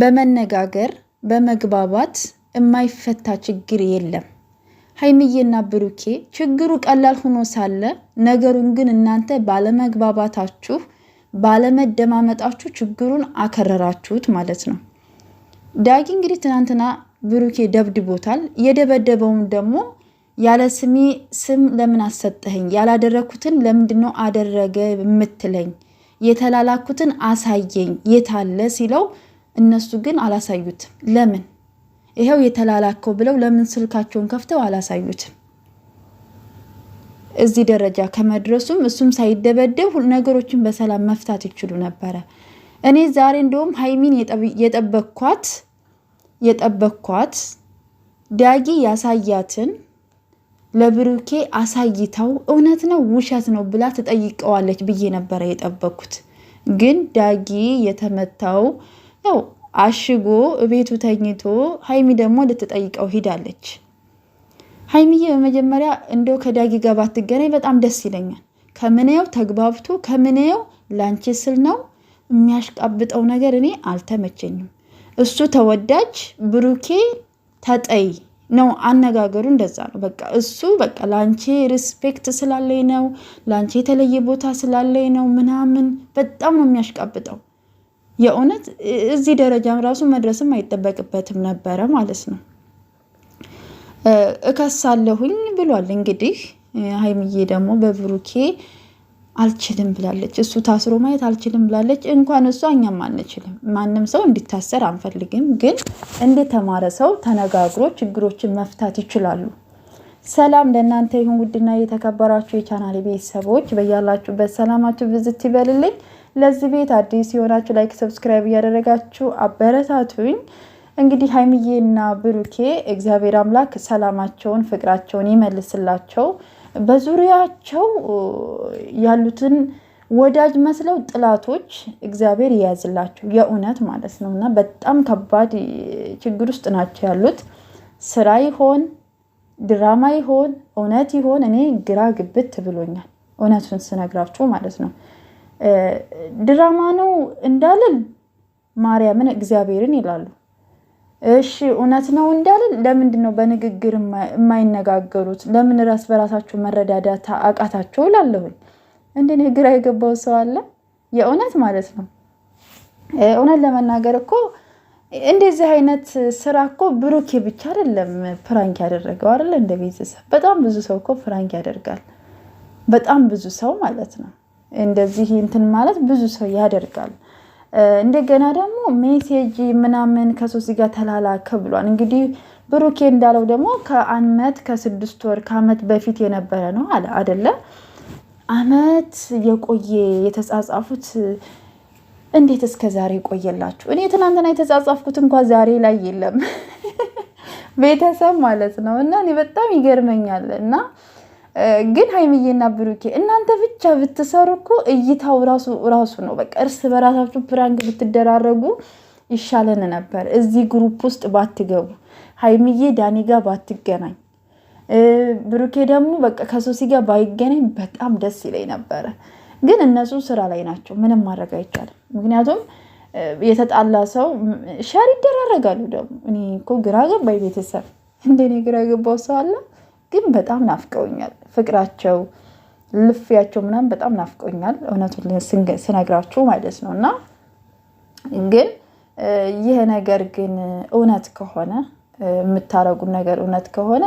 በመነጋገር በመግባባት የማይፈታ ችግር የለም። ሀይምዬና ብሩኬ ችግሩ ቀላል ሆኖ ሳለ ነገሩን ግን እናንተ ባለመግባባታችሁ ባለመደማመጣችሁ ችግሩን አከረራችሁት ማለት ነው። ዳጊ እንግዲህ ትናንትና ብሩኬ ደብድቦታል። የደበደበውም ደግሞ ያለ ስሜ ስም ለምን አሰጠኸኝ? ያላደረግኩትን ለምንድነው አደረገ የምትለኝ? የተላላኩትን አሳየኝ የታለ ሲለው እነሱ ግን አላሳዩትም። ለምን ይኸው የተላላከው ብለው ለምን ስልካቸውን ከፍተው አላሳዩትም? እዚህ ደረጃ ከመድረሱም እሱም ሳይደበደብ ነገሮችን በሰላም መፍታት ይችሉ ነበረ። እኔ ዛሬ እንደውም ሀይሚን የጠበኳት የጠበኳት ዳጊ ያሳያትን ለብሩኬ አሳይተው እውነት ነው ውሸት ነው ብላ ትጠይቀዋለች ብዬ ነበረ የጠበኩት። ግን ዳጊ የተመታው ያው አሽጎ ቤቱ ተኝቶ ሀይሚ ደግሞ ልትጠይቀው ሂዳለች። ሀይሚዬ በመጀመሪያ እንደው ከዳጊ ጋር ባትገናኝ በጣም ደስ ይለኛል። ከምንየው ተግባብቶ ከምንየው ላንቺ ስል ነው የሚያሽቃብጠው ነገር እኔ አልተመቸኝም። እሱ ተወዳጅ ብሩኬ ተጠይ ነው አነጋገሩ፣ እንደዛ ነው። በቃ እሱ በቃ ላንቺ ሪስፔክት ስላለኝ ነው ላንቺ የተለየ ቦታ ስላለኝ ነው ምናምን፣ በጣም ነው የሚያሽቃብጠው የእውነት እዚህ ደረጃም ራሱ መድረስም አይጠበቅበትም ነበረ ማለት ነው። እከሳለሁኝ ብሏል እንግዲህ። ሀይምዬ ደግሞ በብሩኬ አልችልም ብላለች። እሱ ታስሮ ማየት አልችልም ብላለች። እንኳን እሷ እኛም አንችልም። ማንም ሰው እንዲታሰር አንፈልግም። ግን እንደተማረ ሰው ተነጋግሮ ችግሮችን መፍታት ይችላሉ። ሰላም ለእናንተ ይሁን ውድና የተከበራችሁ የቻናል ቤተሰቦች፣ በያላችሁበት ሰላማችሁ ብዝት ይበልልኝ። ለዚህ ቤት አዲስ የሆናችሁ ላይክ፣ ሰብስክራይብ እያደረጋችሁ አበረታቱኝ። እንግዲህ ሀይምዬና ብሩኬ እግዚአብሔር አምላክ ሰላማቸውን ፍቅራቸውን ይመልስላቸው። በዙሪያቸው ያሉትን ወዳጅ መስለው ጥላቶች እግዚአብሔር ይያዝላቸው፣ የእውነት ማለት ነው። እና በጣም ከባድ ችግር ውስጥ ናቸው ያሉት። ስራ ይሆን ድራማ ይሆን እውነት ይሆን? እኔ ግራ ግብት ብሎኛል፣ እውነቱን ስነግራችሁ ማለት ነው። ድራማ ነው እንዳልን ማርያምን እግዚአብሔርን ይላሉ። እሺ እውነት ነው እንዳልን ለምንድን ነው በንግግር የማይነጋገሩት? ለምን ራስ በራሳቸው መረዳዳት አቃታቸው? እላለሁኝ እንደኔ ግራ የገባው ሰው አለ የእውነት ማለት ነው። እውነት ለመናገር እኮ እንደዚህ አይነት ስራ እኮ ብሩኬ ብቻ አይደለም ፕራንክ ያደረገው አይደለ? እንደ ቤተሰብ በጣም ብዙ ሰው እኮ ፕራንክ ያደርጋል። በጣም ብዙ ሰው ማለት ነው። እንደዚህ እንትን ማለት ብዙ ሰው ያደርጋል። እንደገና ደግሞ ሜሴጅ ምናምን ከሶስት ጋር ተላላከ ብሏል። እንግዲህ ብሩኬ እንዳለው ደግሞ ከአመት ከስድስት ወር ከአመት በፊት የነበረ ነው አለ አደለ? አመት የቆየ የተጻጻፉት እንዴት እስከ ዛሬ ቆየላችሁ? እኔ ትናንትና የተጻጻፍኩት እንኳ ዛሬ ላይ የለም ቤተሰብ ማለት ነው። እና እኔ በጣም ይገርመኛል እና ግን ሀይምዬና ብሩኬ እናንተ ብቻ ብትሰሩ እኮ እይታው ራሱ ራሱ ነው። በቃ እርስ በራሳችሁ ፕራንክ ብትደራረጉ ይሻለን ነበር። እዚህ ግሩፕ ውስጥ ባትገቡ፣ ሀይምዬ ዳኒ ጋር ባትገናኝ፣ ብሩኬ ደግሞ በቃ ከሶሲ ጋር ባይገናኝ በጣም ደስ ይለኝ ነበረ። ግን እነሱ ስራ ላይ ናቸው፣ ምንም ማድረግ አይቻልም። ምክንያቱም የተጣላ ሰው ሸር ይደራረጋሉ። ደግሞ እኔ እኮ ግራ ገባኝ። ቤተሰብ እንደኔ ግራ ገባው ሰው አለ ግን በጣም ናፍቀውኛል። ፍቅራቸው፣ ልፊያቸው ምናምን በጣም ናፍቀውኛል። እውነቱን ስነግራችሁ ማለት ነው እና ግን ይህ ነገር ግን እውነት ከሆነ የምታረጉን ነገር እውነት ከሆነ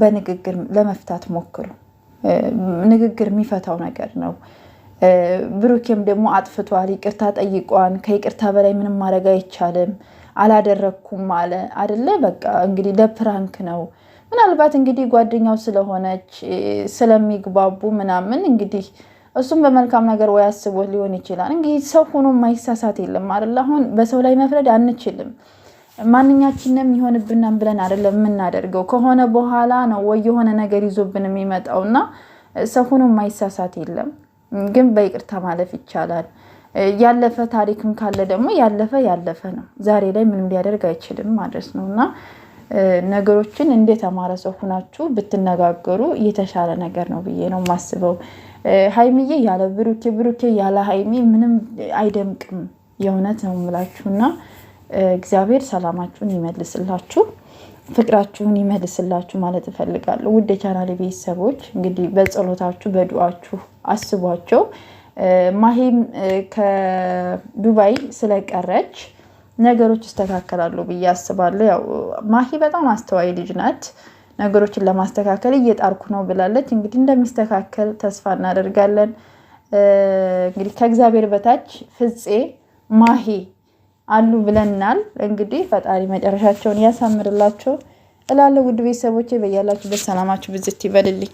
በንግግር ለመፍታት ሞክሩ። ንግግር የሚፈታው ነገር ነው። ብሩኬም ደግሞ አጥፍቷል፣ ይቅርታ ጠይቋን። ከይቅርታ በላይ ምንም ማድረግ አይቻልም። አላደረግኩም አለ አደለ። በቃ እንግዲህ ለፕራንክ ነው ምናልባት እንግዲህ ጓደኛው ስለሆነች ስለሚግባቡ ምናምን እንግዲህ እሱም በመልካም ነገር ወይ አስቦት ሊሆን ይችላል። እንግዲህ ሰው ሆኖ ማይሳሳት የለም አይደል? አሁን በሰው ላይ መፍረድ አንችልም። ማንኛችንም ይሆንብናን ብለን አይደለም የምናደርገው። ከሆነ በኋላ ነው ወይ የሆነ ነገር ይዞብን የሚመጣው እና ሰው ሆኖ ማይሳሳት የለም። ግን በይቅርታ ማለፍ ይቻላል። ያለፈ ታሪክም ካለ ደግሞ ያለፈ ያለፈ ነው። ዛሬ ላይ ምንም ሊያደርግ አይችልም ማለት ነው እና ነገሮችን እንደ ተማረ ሰው ሁናችሁ ብትነጋገሩ የተሻለ ነገር ነው ብዬ ነው ማስበው ሀይሚዬ ያለ ብሩኬ፣ ብሩኬ ያለ ሀይሚ ምንም አይደምቅም። የእውነት ነው የምላችሁ እና እግዚአብሔር ሰላማችሁን ይመልስላችሁ፣ ፍቅራችሁን ይመልስላችሁ ማለት እፈልጋለሁ። ውድ የቻናሌ ቤተሰቦች እንግዲህ በጸሎታችሁ በዱዋችሁ አስቧቸው። ማሂም ከዱባይ ስለቀረች ነገሮች ይስተካከላሉ ብዬ አስባለሁ። ያው ማሂ በጣም አስተዋይ ልጅ ናት። ነገሮችን ለማስተካከል እየጣርኩ ነው ብላለች። እንግዲህ እንደሚስተካከል ተስፋ እናደርጋለን። እንግዲህ ከእግዚአብሔር በታች ፍፄ ማሂ አሉ ብለናል። እንግዲህ ፈጣሪ መጨረሻቸውን ያሳምርላቸው እላለሁ። ውድ ቤተሰቦቼ በያላችሁበት ሰላማችሁ ብዝት ይበልልኝ።